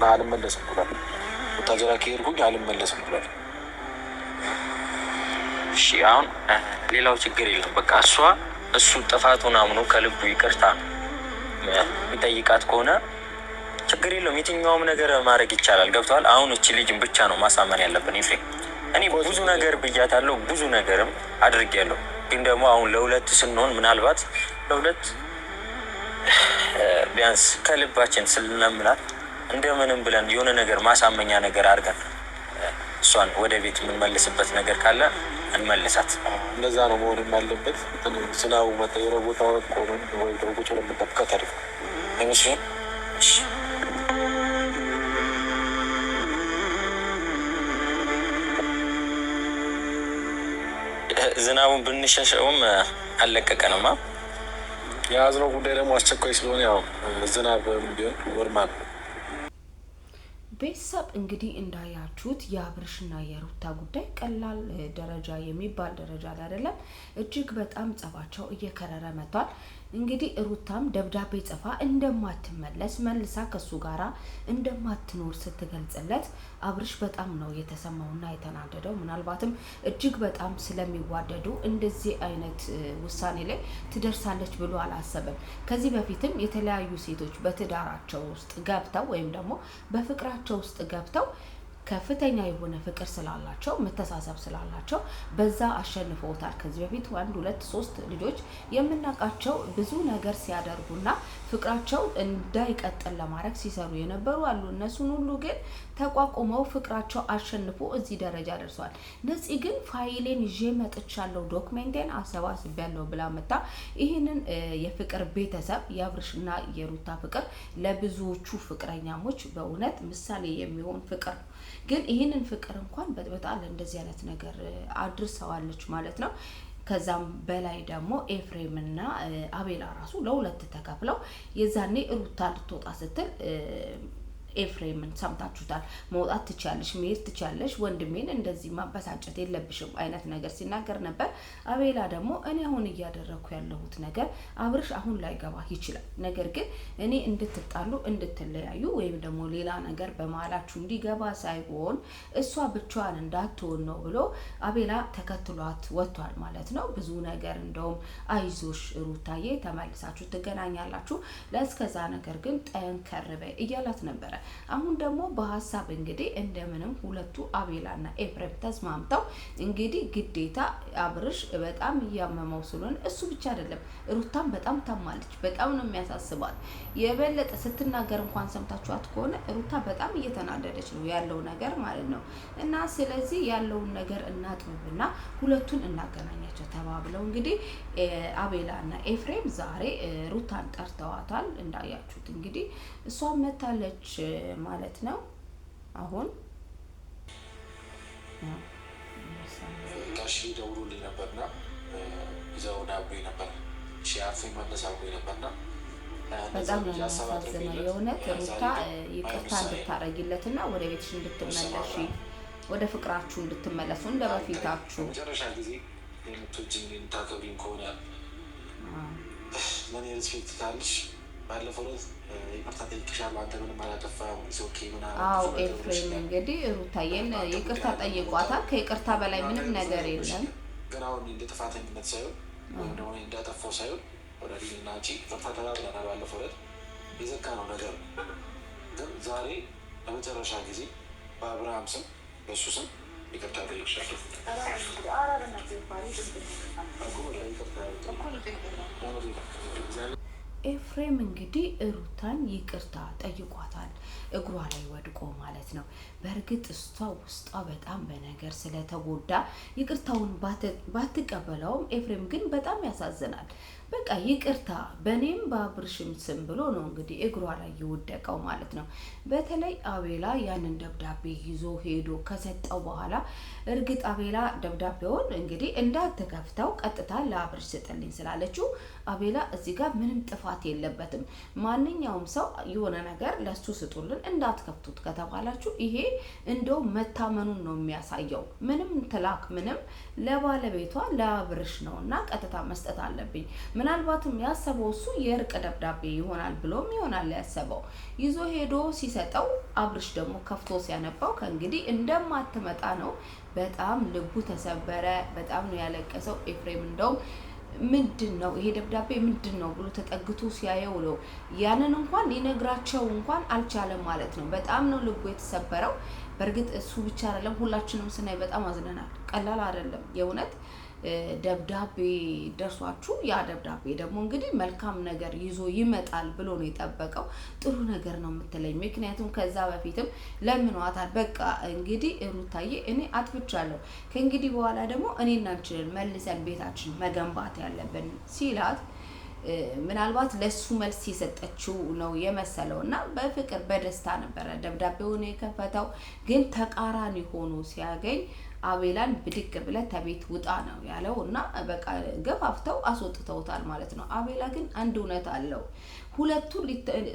እና አልመለስም ብሏል። ወታጀራ ከሄድኩኝ አልመለስም ብሏል። እሺ አሁን ሌላው ችግር የለም። በቃ እሷ እሱ ጥፋቱን አምኖ ከልቡ ይቅርታ የሚጠይቃት ከሆነ ችግር የለውም። የትኛውም ነገር ማድረግ ይቻላል። ገብተዋል። አሁን እቺ ልጅን ብቻ ነው ማሳመን ያለብን። ኤፍሬም፣ እኔ ብዙ ነገር ብያታለሁ፣ ብዙ ነገርም አድርጌያለሁ። ግን ደግሞ አሁን ለሁለት ስንሆን ምናልባት ለሁለት ቢያንስ ከልባችን ስንለምናት እንደምንም ብለን የሆነ ነገር ማሳመኛ ነገር አድርገን እሷን ወደ ቤት የምንመልስበት ነገር ካለ እንመልሳት። እንደዛ ነው መሆን ያለበት። ስናው መጠየረ ቦታ ቆመን ወይ ቁጭ ለምንጠብቀት አሪፍ አይመስልም? ዝናቡን ብንሸሸውም አልለቀቀንማ። የያዝነው ጉዳይ ደግሞ አስቸኳይ ስለሆነ ያው ዝናብ ቢሆን ወርማ ነው ቤተሰብ እንግዲህ እንዳያችሁት የአብርሽና የሩታ ጉዳይ ቀላል ደረጃ የሚባል ደረጃ ላይ አይደለም። እጅግ በጣም ጸባቸው እየከረረ መጥቷል። እንግዲህ ሩታም ደብዳቤ ጽፋ እንደማትመለስ መልሳ ከሱ ጋራ እንደማትኖር ስትገልጽለት አብርሽ በጣም ነው የተሰማውና የተናደደው። ምናልባትም እጅግ በጣም ስለሚዋደዱ እንደዚህ አይነት ውሳኔ ላይ ትደርሳለች ብሎ አላሰብም። ከዚህ በፊትም የተለያዩ ሴቶች በትዳራቸው ውስጥ ገብተው ወይም ደግሞ በፍቅራቸው ውስጥ ገብተው ከፍተኛ የሆነ ፍቅር ስላላቸው መተሳሰብ ስላላቸው በዛ አሸንፈውታል። ከዚህ በፊት አንድ ሁለት ሶስት ልጆች የምናውቃቸው ብዙ ነገር ሲያደርጉና ፍቅራቸው እንዳይቀጥል ለማድረግ ሲሰሩ የነበሩ አሉ። እነሱን ሁሉ ግን ተቋቁመው ፍቅራቸው አሸንፎ እዚህ ደረጃ ደርሷል። ነፂ ግን ፋይሌን ይዤ መጥቻለሁ፣ ዶክሜንቴን አሰባስቤያለሁ ብላ መጣ። ይህንን የፍቅር ቤተሰብ የአብርሽና የሩታ ፍቅር ለብዙዎቹ ፍቅረኛሞች በእውነት ምሳሌ የሚሆን ፍቅር ግን ይህንን ፍቅር እንኳን በጥብጣል እንደዚህ አይነት ነገር አድርሰዋለች ማለት ነው። ከዛም በላይ ደግሞ ኤፍሬም እና አቤላ ራሱ ለሁለት ተከፍለው የዛኔ ሩታ ልትወጣ ስትል ኤፍሬምን ሰምታችሁታል። መውጣት ትችያለሽ፣ መሄድ ትችያለሽ፣ ወንድሜን እንደዚህ ማበሳጨት የለብሽም አይነት ነገር ሲናገር ነበር። አቤላ ደግሞ እኔ አሁን እያደረግኩ ያለሁት ነገር አብርሽ አሁን ላይገባ ይችላል፣ ነገር ግን እኔ እንድትጣሉ እንድትለያዩ ወይም ደግሞ ሌላ ነገር በመሀላችሁ እንዲገባ ሳይሆን እሷ ብቻዋን እንዳትሆን ነው ብሎ አቤላ ተከትሏት ወጥቷል ማለት ነው። ብዙ ነገር እንደውም አይዞሽ ሩታዬ ተመልሳችሁ ትገናኛላችሁ፣ ለእስከዛ ነገር ግን ጠንከር በይ እያላት ነበረ። ይላል። አሁን ደግሞ በሀሳብ እንግዲህ እንደምንም ሁለቱ አቤላና ኤፍሬም ተስማምተው እንግዲህ ግዴታ አብርሽ በጣም እያመመው ስለሆነ እሱ ብቻ አይደለም፣ ሩታም በጣም ታማለች። በጣም ነው የሚያሳስባት። የበለጠ ስትናገር እንኳን ሰምታችኋት ከሆነ ሩታ በጣም እየተናደደች ነው ያለው ነገር ማለት ነው። እና ስለዚህ ያለውን ነገር እናጥብብና ሁለቱን እናገናኛቸው ተባብለው እንግዲህ አቤላና ኤፍሬም ዛሬ ሩታን ጠርተዋታል። እንዳያችሁት እንግዲህ እሷ መታለች ማለት ነው። አሁን ጋሽ ደውሎልኝ ነበርና ይዘው ዳቦ ነበር ሺያርፍ መለሳ አርጎ ነበርና በጣም ነው የሚያሳዝነው። የእውነት ሩታ ይቅርታ እንድታረጊለት እንድታረጊለትና ወደ ቤትሽ እንድትመለሽ ወደ ፍቅራችሁ እንድትመለሱ እንደ በፊታችሁ መጨረሻ ጊዜ የምትወጂኝ የምታከብሪኝ ከሆነ ለእኔ ሪስፔክት ካልሽ ባለፈው ዕለት ይቅርታ ጠይቅሻለሁ፣ ኤፍሬም እንግዲህ ሩታዬን ይቅርታ ጠይቋታል። ከይቅርታ በላይ ምንም ነገር የለም። ግን አሁን እንደ ጥፋተኝነት ሳይሆን ወይም ደግሞ እንዳጠፋው ሳይሆን ወደ ና አንቺ ይቅርታ ተባብለናል። ባለፈው ዕለት የዘካ ነው ነገር ግን ዛሬ ለመጨረሻ ጊዜ በአብርሃም ስም በእሱ ስም ይቅርታ ጠይቅሻለሁ። ኤፍሬም እንግዲህ ሩታን ይቅርታ ጠይቋታል፣ እግሯ ላይ ወድቆ ማለት ነው። በእርግጥ እሷ ውስጧ በጣም በነገር ስለተጎዳ ይቅርታውን ባትቀበለውም ኤፍሬም ግን በጣም ያሳዝናል። በቃ ይቅርታ በእኔም በአብርሽም ስም ብሎ ነው እንግዲህ እግሯ ላይ የወደቀው ማለት ነው። በተለይ አቤላ ያንን ደብዳቤ ይዞ ሄዶ ከሰጠው በኋላ እርግጥ አቤላ ደብዳቤውን እንግዲህ እንዳትከፍተው ቀጥታ ለአብርሽ ስጥልኝ ስላለችው አቤላ እዚህ ጋር ምንም ጥፋት የለበትም። ማንኛውም ሰው የሆነ ነገር ለሱ ስጡልን እንዳትከፍቱት ከተባላችሁ ይሄ እንደው መታመኑን ነው የሚያሳየው። ምንም ትላክ ምንም ለባለቤቷ ለአብርሽ ነው እና ቀጥታ መስጠት አለብኝ ምናልባትም ያሰበው እሱ የእርቅ ደብዳቤ ይሆናል ብሎም ይሆናል ያሰበው ይዞ ሄዶ ሲሰጠው፣ አብርሽ ደግሞ ከፍቶ ሲያነባው ከእንግዲህ እንደማትመጣ ነው። በጣም ልቡ ተሰበረ። በጣም ነው ያለቀሰው። ኤፍሬም እንደውም ምንድን ነው ይሄ ደብዳቤ ምንድን ነው ብሎ ተጠግቶ ሲያየው ነው ያንን እንኳን ሊነግራቸው እንኳን አልቻለም ማለት ነው። በጣም ነው ልቡ የተሰበረው። በእርግጥ እሱ ብቻ አይደለም፣ ሁላችንም ስናይ በጣም አዝነናል። ቀላል አይደለም የእውነት ደብዳቤ ደርሷችሁ ያ ደብዳቤ ደግሞ እንግዲህ መልካም ነገር ይዞ ይመጣል ብሎ ነው የጠበቀው። ጥሩ ነገር ነው የምትለኝ። ምክንያቱም ከዛ በፊትም ለምኗታል። በቃ እንግዲህ ሩታዬ እኔ አጥፍቻለሁ፣ ከእንግዲህ በኋላ ደግሞ እኔና መልሰን ቤታችን መገንባት ያለብን ሲላት ምናልባት ለሱ መልስ የሰጠችው ነው የመሰለው እና በፍቅር በደስታ ነበረ ደብዳቤውን የከፈተው። ግን ተቃራኒ ሆኖ ሲያገኝ አቤላን ብድግ ብለ ተቤት ውጣ ነው ያለው እና በቃ ገፋፍተው አስወጥተውታል ማለት ነው። አቤላ ግን አንድ እውነት አለው። ሁለቱ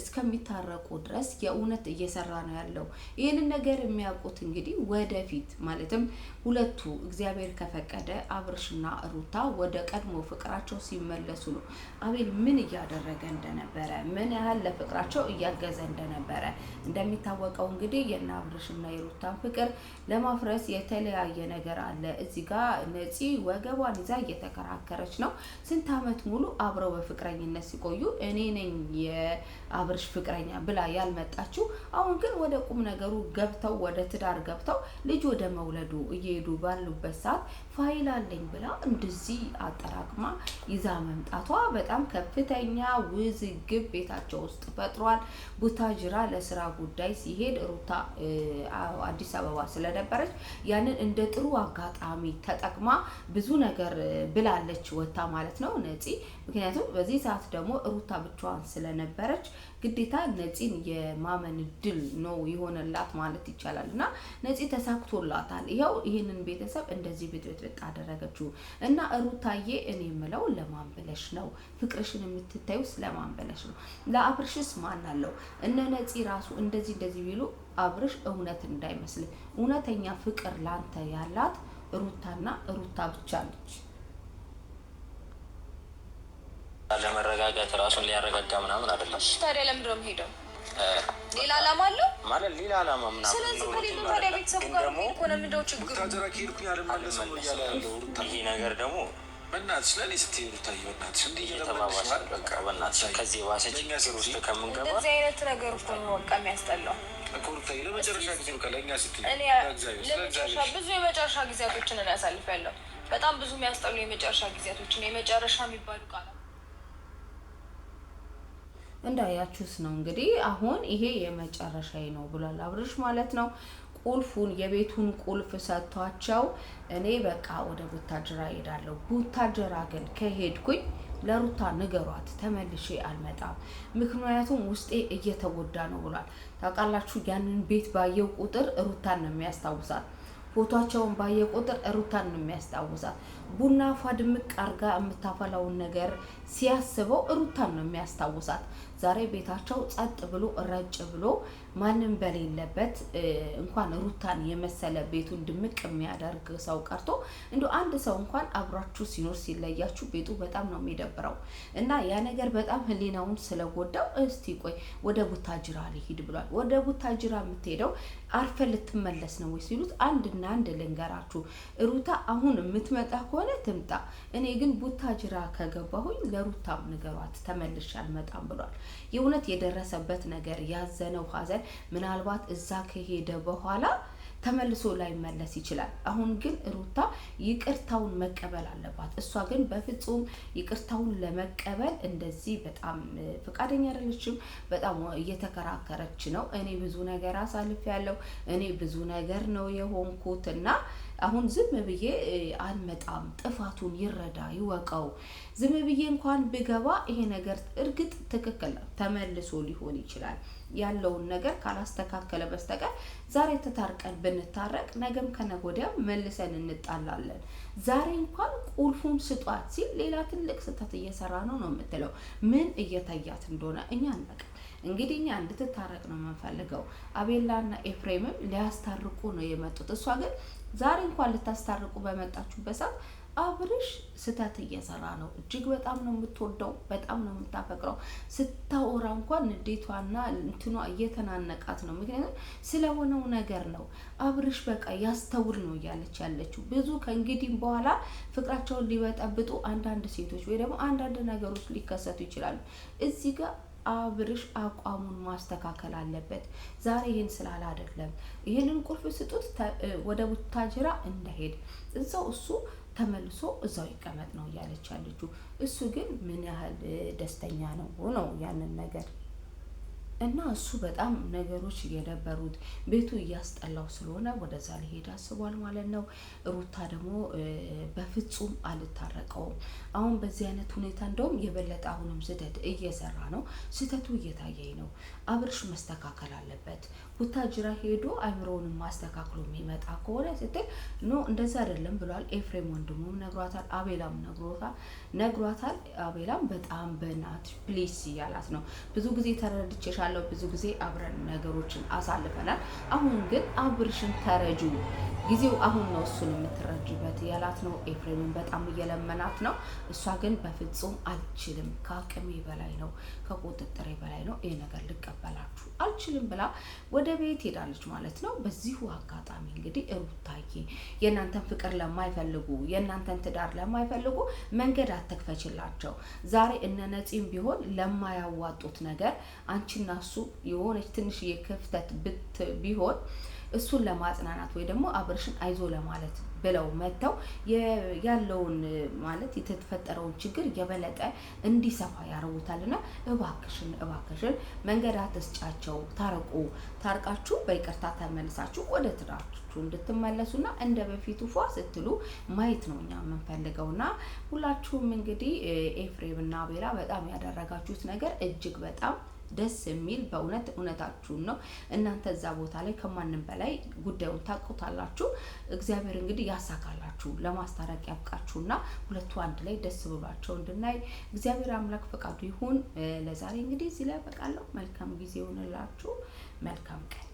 እስከሚታረቁ ድረስ የእውነት እየሰራ ነው ያለው። ይህንን ነገር የሚያውቁት እንግዲህ ወደፊት ማለትም ሁለቱ እግዚአብሔር ከፈቀደ አብርሽና ሩታ ወደ ቀድሞ ፍቅራቸው ሲመለሱ ነው አቤል ምን እያደረገ እንደነበረ ምን ያህል ለፍቅራቸው እያገዘ እንደነበረ። እንደሚታወቀው እንግዲህ የእነ አብርሽና የሩታን ፍቅር ለማፍረስ የተለያየ ነገር አለ። እዚህ ጋር ነፂ ወገቧን ይዛ እየተከራከረች ነው። ስንት ዓመት ሙሉ አብረው በፍቅረኝነት ሲቆዩ እኔ ነኝ የአብርሽ ፍቅረኛ ብላ ያልመጣችው አሁን ግን ወደ ቁም ነገሩ ገብተው ወደ ትዳር ገብተው ልጅ ወደ መውለዱ እየሄዱ ባሉበት ሰዓት ፋይል አለኝ ብላ እንደዚህ አጠራቅማ ይዛ መምጣቷ በጣም ከፍተኛ ውዝግብ ቤታቸው ውስጥ ፈጥሯል። ቡታጅራ ለስራ ጉዳይ ሲሄድ ሩታ አዲስ አበባ ስለነበረች ያንን እንደ ጥሩ አጋጣሚ ተጠቅማ ብዙ ነገር ብላለች ወታ ማለት ነው ነፂ። ምክንያቱም በዚህ ሰዓት ደግሞ ሩታ ብቻዋን ስለነበረች ግዴታ ነፂን የማመን ድል ነው የሆነላት ማለት ይቻላል እና ነፂ ተሳክቶላታል። ይኸው ይሄ ይህንን ቤተሰብ እንደዚህ ብጥብጥብጥ አደረገችው እና ሩታዬ፣ እኔ የምለው ለማን ብለሽ ነው ፍቅርሽን የምትታዩስ? ለማን ብለሽ ነው? ለአብርሽስ ማን አለው? እነ ነፂ ራሱ እንደዚህ እንደዚህ ቢሉ አብርሽ እውነት እንዳይመስል፣ እውነተኛ ፍቅር ላንተ ያላት ሩታና ሩታ ብቻ ነች። ለመረጋጋት ራሱን ሊያረጋጋ ምናምን አይደለም። ታዲያ ለምንድነው ሄደው ሌላ አላማ አለው ማለት ሌላ አላማ ምናምን። ስለዚህ ታዲያ ነገር ደግሞ በእናትሽ ለእኔ ስትይ ሩታዬ በእናትሽ እንዲህ እየተባባሽ በቃ በእናትሽ ከዚህ የባሰ ችግር ውስጥ ከምንገባ እንደዚህ አይነት ነገር እኮ ነው በቃ የሚያስጠላው ሩታዬ። ለመጨረሻ ጊዜ በቃ ለእኛ ስትይ ለመጨረሻ ብዙ የመጨረሻ ጊዜያቶችን ያሳልፍ ያለው በጣም ብዙ የሚያስጠሉ የመጨረሻ ጊዜያቶችን የመጨረሻ የሚባሉ ቃላት እንዳያችሁስ ነው እንግዲህ አሁን ይሄ የመጨረሻዬ ነው ብሏል አብርሽ ማለት ነው። ቁልፉን የቤቱን ቁልፍ ሰጥቷቸው እኔ በቃ ወደ ቡታጀራ እሄዳለሁ። ቡታጀራ ግን ከሄድኩኝ ለሩታ ንገሯት ተመልሼ አልመጣም፣ ምክንያቱም ውስጤ እየተጎዳ ነው ብሏል። ታውቃላችሁ ያንን ቤት ባየው ቁጥር ሩታን ነው የሚያስታውሳት። ፎቷቸውን ባየ ቁጥር ሩታን ነው የሚያስታውሳት። ቡና ፏ ድምቅ አርጋ የምታፈላውን ነገር ሲያስበው ሩታን ነው የሚያስታውሳት። ዛሬ ቤታቸው ጸጥ ብሎ ረጭ ብሎ ማንም በሌለበት እንኳን ሩታን የመሰለ ቤቱን ድምቅ የሚያደርግ ሰው ቀርቶ እንዲ አንድ ሰው እንኳን አብራችሁ ሲኖር ሲለያችሁ ቤቱ በጣም ነው የሚደብረው እና ያ ነገር በጣም ህሊናውን ስለጎዳው እስቲ ቆይ ወደ ቡታጅራ ሊሂድ ብሏል። ወደ ቡታጅራ የምትሄደው አርፈ ልትመለስ ነው ወይ ሲሉት አንድና አንድ ልንገራችሁ፣ ሩታ አሁን የምትመጣ ከሆነ ትምጣ፣ እኔ ግን ቡታጅራ ከገባሁኝ ለሩታም ንገሯት ተመልሼ አልመጣም ብሏል። የእውነት የደረሰበት ነገር ያዘነው ሀዘን ምናልባት እዛ ከሄደ በኋላ ተመልሶ ላይመለስ ይችላል። አሁን ግን ሩታ ይቅርታውን መቀበል አለባት። እሷ ግን በፍጹም ይቅርታውን ለመቀበል እንደዚህ በጣም ፈቃደኛ አይደለችም። በጣም እየተከራከረች ነው። እኔ ብዙ ነገር አሳልፍ ያለው እኔ ብዙ ነገር ነው የሆንኩት እና አሁን ዝም ብዬ አልመጣም፣ ጥፋቱን ይረዳ ይወቀው። ዝም ብዬ እንኳን ብገባ ይሄ ነገር እርግጥ ትክክል ተመልሶ ሊሆን ይችላል ያለውን ነገር ካላስተካከለ በስተቀር ዛሬ ተታርቀን ብንታረቅ ነገም ከነገ መልሰን እንጣላለን። ዛሬ እንኳን ቁልፉን ስጧት ሲል ሌላ ትልቅ ስህተት እየሰራ ነው ነው የምትለው። ምን እየታያት እንደሆነ እኛ እናውቅ። እንግዲህ እኛ እንድትታረቅ ነው የምንፈልገው። አቤላና ኤፍሬምም ሊያስታርቁ ነው የመጡት። እሷ ግን ዛሬ እንኳን ልታስታርቁ በመጣችሁበት ሰዓት አብርሽ ስህተት እየሰራ ነው። እጅግ በጣም ነው የምትወደው፣ በጣም ነው የምታፈቅረው። ስታወራ እንኳን ንዴቷና እንትኗ እየተናነቃት ነው። ምክንያቱም ስለሆነው ነገር ነው። አብርሽ በቃ ያስተውል ነው እያለች ያለችው። ብዙ ከእንግዲህም በኋላ ፍቅራቸውን ሊበጠብጡ አንዳንድ ሴቶች ወይ ደግሞ አንዳንድ ነገሮች ሊከሰቱ ይችላሉ እዚህ ጋር አብርሽ አቋሙን ማስተካከል አለበት። ዛሬ ይህን ስላላደለም ይህንን ቁልፍ ስጡት ወደ ቡታጅራ እንደሄድ እዛው እሱ ተመልሶ እዛው ይቀመጥ ነው እያለች ያለችው። እሱ ግን ምን ያህል ደስተኛ ነው ነው ያንን ነገር እና እሱ በጣም ነገሮች እየደበሩት ቤቱ እያስጠላው ስለሆነ ወደዛ ሊሄድ አስቧል ማለት ነው። ሩታ ደግሞ በፍጹም አልታረቀውም። አሁን በዚህ አይነት ሁኔታ እንደውም የበለጠ አሁንም ስህተት እየሰራ ነው። ስህተቱ እየታየኝ ነው። አብርሽ መስተካከል አለበት። ቡታጅራ ሄዶ አይምሮውንም ማስተካክሎ የሚመጣ ከሆነ ስትል ኖ እንደዛ አይደለም ብሏል። ኤፍሬም ወንድሙም ነግሯታል። አቤላም ነግሮታል ነግሯታል። አቤላም በጣም በናት ፕሊስ እያላት ነው። ብዙ ጊዜ ተረድቼሻል አውቃለሁ። ብዙ ጊዜ አብረን ነገሮችን አሳልፈናል። አሁን ግን አብርሽን ተረጁ፣ ጊዜው አሁን ነው እሱን የምትረጅበት ያላት ነው። ኤፍሬምን በጣም እየለመናት ነው። እሷ ግን በፍጹም አልችልም፣ ከአቅሜ በላይ ነው፣ ከቁጥጥሬ በላይ ነው፣ ይህ ነገር ልቀበላችሁ አልችልም ብላ ወደ ቤት ሄዳለች ማለት ነው። በዚሁ አጋጣሚ እንግዲህ ሩታዬ የእናንተን ፍቅር ለማይፈልጉ የእናንተን ትዳር ለማይፈልጉ መንገድ አትክፈችላቸው። ዛሬ እነ ነፂም ቢሆን ለማያዋጡት ነገር አንቺና ራሱ የሆነች ትንሽዬ ክፍተት ብት ቢሆን እሱን ለማጽናናት ወይ ደግሞ አብርሽን አይዞ ለማለት ብለው መጥተው ያለውን ማለት የተፈጠረውን ችግር የበለጠ እንዲሰፋ ያደርጉታልና እባክሽን እባክሽን መንገድ አትስጫቸው፣ ታረቁ። ታርቃችሁ በይቅርታ ተመልሳችሁ ወደ ትዳራችሁ እንድትመለሱና እንደ በፊቱ ፏ ስትሉ ማየት ነው እኛ የምንፈልገውና ሁላችሁም እንግዲህ ኤፍሬምና ቤላ በጣም ያደረጋችሁት ነገር እጅግ በጣም ደስ የሚል በእውነት እውነታችሁን ነው። እናንተ እዛ ቦታ ላይ ከማንም በላይ ጉዳዩን ታውቁታላችሁ። እግዚአብሔር እንግዲህ ያሳካላችሁ፣ ለማስታረቅ ያብቃችሁና ሁለቱ አንድ ላይ ደስ ብሏቸው እንድናይ እግዚአብሔር አምላክ ፈቃዱ ይሁን። ለዛሬ እንግዲህ እዚህ ላይ ያበቃለሁ መልካም ጊዜ ይሆንላችሁ። መልካም ቀን